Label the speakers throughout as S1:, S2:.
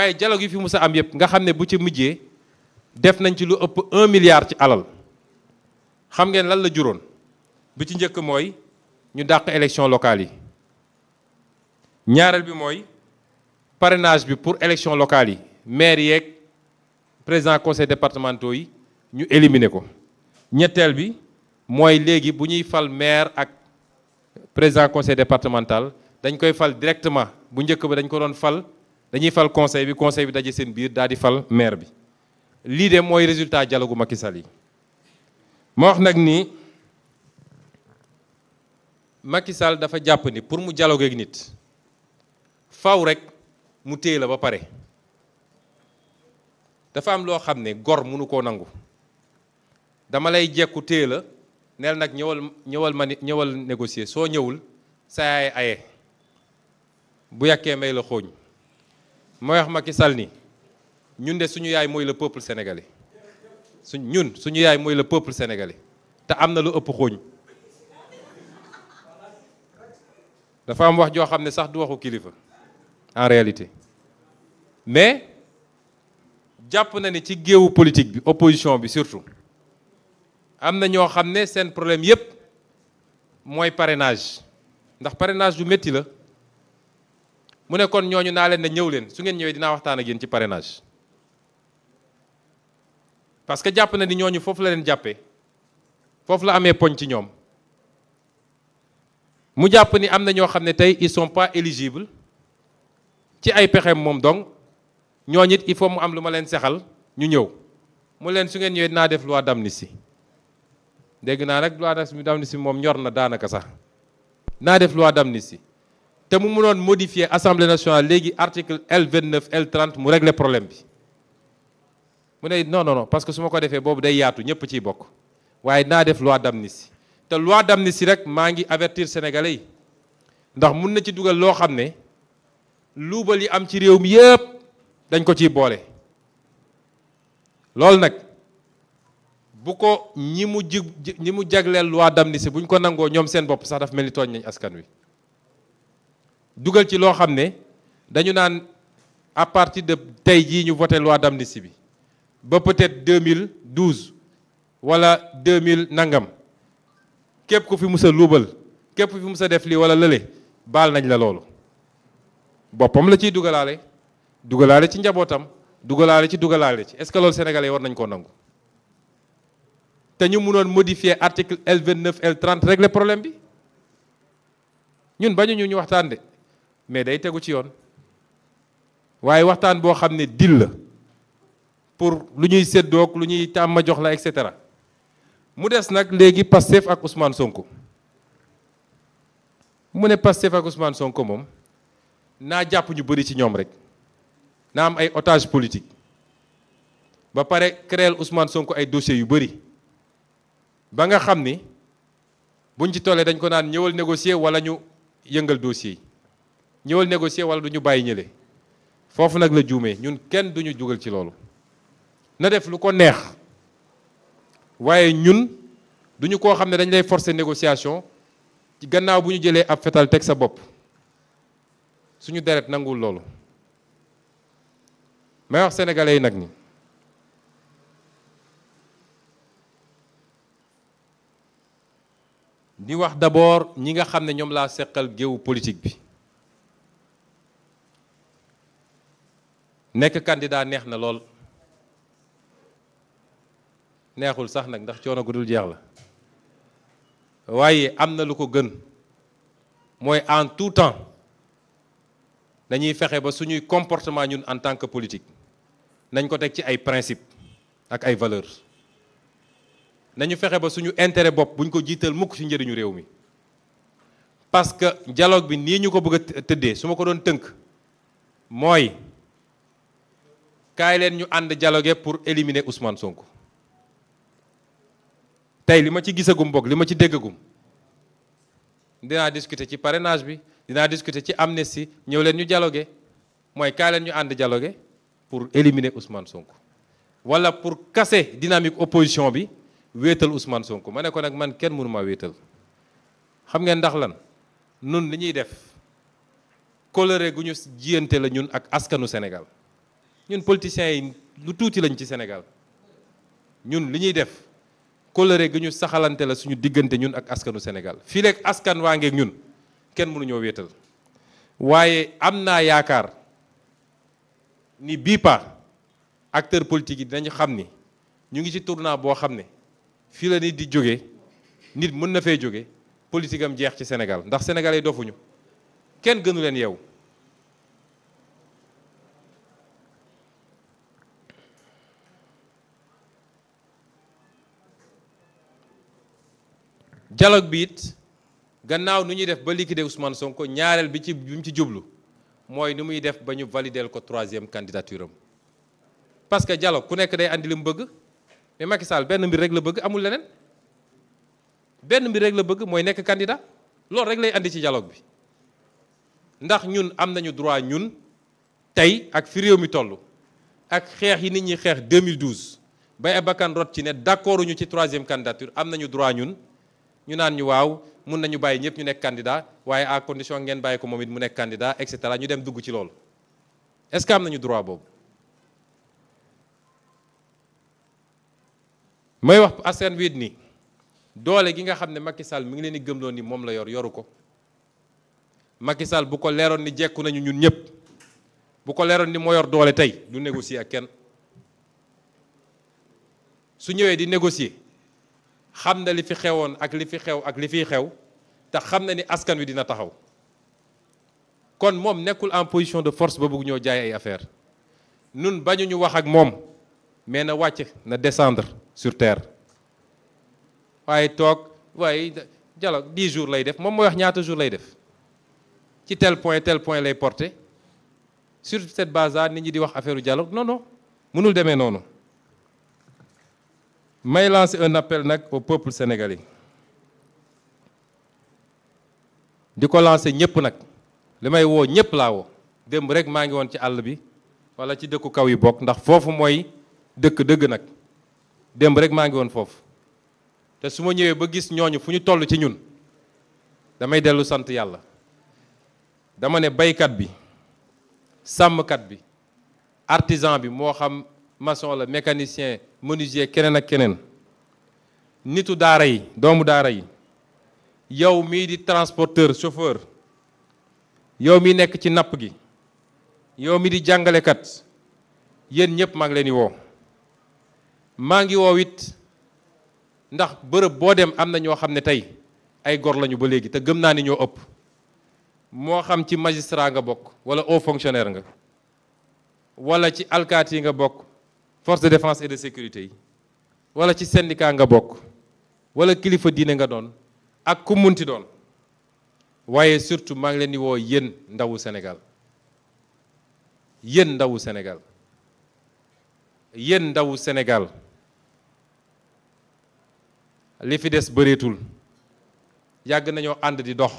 S1: waaye jaloo gi fi mu sa am yëpp nga xam ne bu ci mujjee def nañ ci lu ëpp un milliard ci alal xam ngeen lan la juróon bu ci njëkk mooy ñu dàq élection locale yi ñaareel bi mooy parenage bi pour élection locale yi maire yeeg président conseil départementaux yi ñu éliminer ko ñetteel bi mooy léegi bu ñuy fal maire ak président conseil départemental dañ koy fal directement bu njëkk ba dañ ko doon fal dañuy fal conseil bi conseil bi daje seen biir daal fal maire bi lii de mooy résultat jalagu Macky Sall yi ma wax nag nii Macky Sall dafa jàpp ni pour mu dialogue ak nit faw rekk mu téye la ba pare dafa am loo xam ne gor mënu koo nangu dama lay jekku téye la neel nag ñëwal ñëwal ma ñëwal négocier soo ñëwul sa yaay aye bu yàkkee may la xooñ mooy wax Macky Sall ni ñun de suñu yaay mooy la peuple sénégalais suñ ñun suñu yaay mooy la peuple sénégalais te am na lu ëpp xooñ dafa am wax joo xam ne sax du waxu kilifa en réalité mais jàpp na ne ci géewu politique bi opposition bi surtout am na ñoo xam ne seen problème yépp mooy parrainage ndax parrainage du métti la mu ne kon ñooñu naa leen ne ñëw leen su ngeen ñëwee dinaa waxtaan ak yéen ci parrainage parce que jàpp na ni ñooñu foofu la leen jàppe foofu la amee poñ ci ñoom mu jàpp ni am na ñoo xam ne tey ils sont pas éligible ci ay pexeem moom donc ñooñu it il faut mu am lu ma leen sexal ñu ñëw mu leen su ngeen ñëwee dinaa def loi d'amnistie dégg naa nag loi d'amnistie moom ñor na daanaka sax naa def loi d'amnistie te mu mënoon modifier assemblée nationale léegi article L 29 L 30 mu régler problème bi mu ne non non non parce que su ma ko defee boobu day yaatu ñëpp ciy bokk waaye naa def loi d'amnistie te loi d'amnistie rek maa ngi avertir sénégalais yi ndax mun na ci dugal loo xam ne luubal yi am ci réew mi yépp dañ ko ciy boole loolu nag. bu ko ñi mu jig ñi mu jagleel loi d'amnistie bu ko nangoo ñoom seen bopp sax dafa mel ni tooñ nañ askan wi dugal ci loo xam ne dañu naan à partir de tey jii ñu voté loi d'amnistie bi ba peut-être 2012 wala 2000 nangam képp ku fi musa a luubal képp ku fi mus a def lii wala lële baal nañ la loolu boppam la ciy dugalaale dugalaale ci njabootam dugalaale ci dugalaale ci est-ce que loolu sénégalais war nañ koo nangu te ñu munoon modifier article L29 L30 régler problème bi ñun bañu ñu ñu waxtaan de mais day tegu ci yoon waaye waxtaan boo xam ne dil la pour lu ñuy séddoog lu ñuy tàmm ma jox la et cetera mu des nag léegi Pastef ak usmaan Sonko mu ne Pastef ak Ousmane Sonko moom naa jàpp ñu bëri ci ñoom rek naa am ay otage politique ba pare créer Ousmane Sonko ay dossiers yu bëri ba nga xam ni buñ ci tollee dañ ko naan ñëwal négocier walla ñu yëngal dossier ñëwal négocier wala du ñu bàyyi ñële foofu nag la juume ñun kenn duñu jugal ci loolu na def lu ko neex waaye ñun duñu koo xam ne dañ lay forcer négociation ci gannaaw bu ñu jëlee ab fetal teg sa bopp suñu deret nangul loolu may wax sénégalais yi nag ni di wax d'abord ñi nga xam ne ñoom laa seqal géewu politique bi nekk candidat neex na lool neexul sax nag ndax coono gu dul jeex la waaye am na lu ko gën mooy en tout temps dañuy fexe ba suñuy comportement ñun en tant que politique nañ ko teg ci ay principe ak ay valeurs nañu fexe ba suñu intérêt bopp buñ ko jiital mukk ci njëriñu réew mi parce que dialogue bi nii ñu ko bëgg a tëddee su ma ko doon tënk mooy kaay leen ñu ànd jaloge pour éliminer Ousmane Sonko tey li ma ci gisagum boog li ma ci déggagum dinaa discuter ci parrainage bi dinaa discuter ci amnistie ñëw leen ñu jaloge mooy kaay leen ñu ànd jaloge pour éliminer Ousmane Sonko wala pour casser dynamique opposition bi wéetal Ousmane Sonko ma ne nag man kenn mënu maa wéetal xam ngeen ndax lan nun li ñuy def coloré gu ñu jiyante la ñun ak askanu Sénégal ñun politiciens yi lu tuuti lañ ci senegal ñun li ñuy def coloré gi ñu saxalante la suñu diggante ñun ak askanu senegal fii rek askan waa ngeeg ñun kenn mënuñoo wéetal waaye am naa yaakaar ni biipa pa acteur politique yi dinañu xam ni ñu ngi ci tournant boo xam ne fii la nit di jóge nit mën na fee jóge politique am jeex ci senegal ndax senegal sénégalais dofuñu kenn gënu leen yeewu dialogue bi it gannaaw nu ñuy def ba liquider Ousmane Sonko ñaareel bi ci bi ci jublu mooy ni muy def ba ñu validel ko troisième candidature am parce que dialogue ku nekk day andi li mu bëgg mais Macky Sall benn mbir rek la bëgg amul leneen benn mbir rek la bëgg mooy nekk candidat loolu rek lay andi ci dialogue bi ndax ñun am nañu droit ñun tey ak fi mi toll ak xeex yi nit ñi xeex 2012 bay bakkan rot ci ne d'accorduñu ci troisième candidature am nañu droit ñun ñu naan ñu waaw mun nañu bàyyi ñëpp ñu nekk candidat waaye à condition ngeen bàyyi ko moom it mu nekk candidat et ñu dem dugg ci loolu est-ce que am nañu droit boobu. may wax askan wi ni doole gi nga xam ne Macky Sall mi ngi leen di gëmloo nii moom la yor yoru ko Macky Sall bu ko leeroon ni jekku nañu ñun ñëpp bu ko leeroon ni moo yor doole tey du négocier ak kenn su ñëwee di négocier. xam na li fi xewoon ak li fi xew ak li fiy xew te xam na ni askan wi dina taxaw kon moom nekkul en position de force ba bëgg ñoo jaay ay affaire nun bañu ñu wax ak moom mais na wàcc na descendre sur terre waaye toog waaye dialogue 10 jour lay def moom mooy wax ñaata jours lay def ci tel point tel point lay porté sur cette base là nit ñi di wax affaire dialogue noonu non mënul demee noonu may lancer un appel nag au peuple sénégalais di ko lancer ñëpp nag li may woo ñëpp laa woo démb rek maa ngi woon ci àll bi wala ci dëkku kaw yi bokk ndax foofu mooy dëkk dëgg nag démb rek maa ngi woon foofu te su ma ñëwee ba gis ñooñu fu ñu toll ci ñun damay dellu sant yàlla dama ne baykat bi sàmmkat bi artisan bi moo xam mason la mécanisien menuisier keneen ak keneen nitu daara yi doomu daara yi yow mii di transporteur chauffeur yow mi nekk ci napp gi yow mi di jàngalekat yéen ñëpp maa ngi leen di woo maa ngi woo it ndax bërëb boo dem am na ñoo xam ne tey ay gor lañu ba léegi te gëm naa ni ñoo ëpp moo xam ci magistrat nga bokk wala haut fonctionnaire nga wala ci alkaati yi nga bokk force de défense et de sécurité yi wala ci syndicat nga bokk wala kilifa diine nga doon ak ku munti doon waaye surtout maa ngi leen di woo yéen ndawu Sénégal yéen ndawu Sénégal yéen ndawu Sénégal li fi des bëreetul yàgg nañoo ànd di dox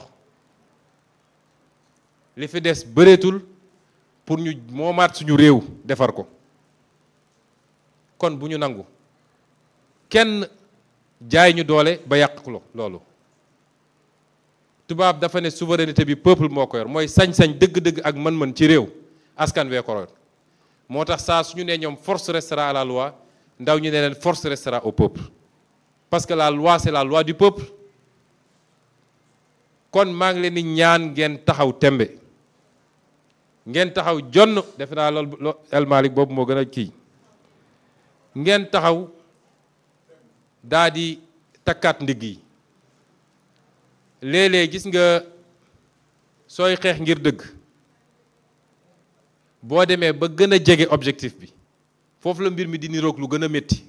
S1: li fi des bëreetul pour ñu moomaat suñu réew defar ko kon bu ñu nangu kenn jaay ñu doole ba yàq loolu tubaab dafa ne souveraineté bi peuple moo ko yor mooy sañ-sañ dëgg-dëgg ak mën-mën ci réew askan wee ko moo tax saa su ñu nee ñoom force restera à ndaw ñu ne leen force restera au peuple parce que la loi c'est la loi du peuple kon maa ngi leen di ñaan ngeen taxaw tembe ngeen taxaw jonn defe naa loolu El Malick boobu moo gën a kii ngeen taxaw daa di takkaat ndigg yi léeg-léeg gis nga sooy xeex ngir dëgg boo demee ba gën a jege objectif bi foofu la mbir mi di niroog lu gën a métti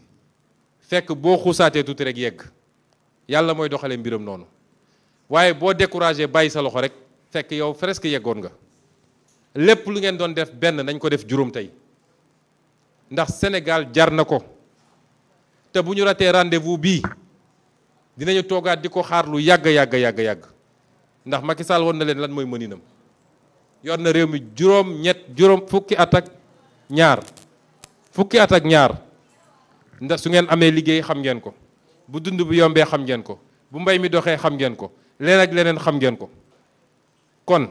S1: fekk boo xuusaatee tuuti rek yegg yàlla mooy doxalee mbiram noonu waaye boo découragé bàyyi sa loxo rek fekk yow presque yeggoon nga lépp lu ngeen doon def benn nañ ko def juróom tey ndax Sénégal jar na ko te bu ñu ratee rendez-vous bii dinañu toogaat di ko xaar lu yàgg yàgg yàgg yàgg ndax Macky Sall woon na leen lan mooy mëninam yor na réew mi juróom ñett juróom fukki at ak ñaar fukki at ak ñaar ndax su ngeen amee liggéey xam ngeen ko bu dund bi yombee xam ngeen ko bu mbay mi doxee xam ngeen ko leen ak leneen xam ngeen ko kon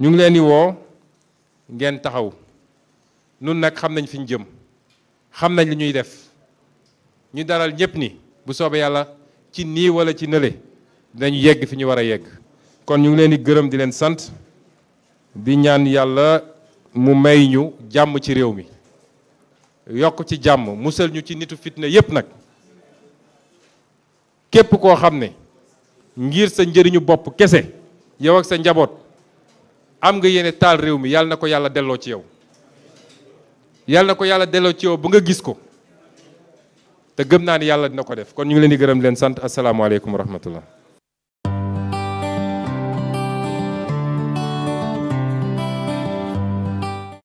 S1: ñu ngi leen di woo ngeen taxaw nun nag xam nañ fi ñu jëm xam nañ li ñuy def ñu daral ñëpp ni bu soobee yàlla ci nii wala ci nële dinañu yegg fi ñu war a yegg kon ñu ngi leen di gërëm di leen sant di ñaan yàlla mu may ñu jàmm ci réew mi yokk ci jàmm musal ñu ci nitu fitna yépp nag képp koo xam ne ngir sa njëriñu bopp kese yow ak sa njaboot am nga yenn taal réew mi yàlla na ko yàlla delloo ci yow yàlla na ko yàlla delloo ci yow bu nga gis ko te gëm naa ni yàlla dina ko def kon ñu ngi leen di gërëm leen sant asalaamaaleykum wa rahmatullah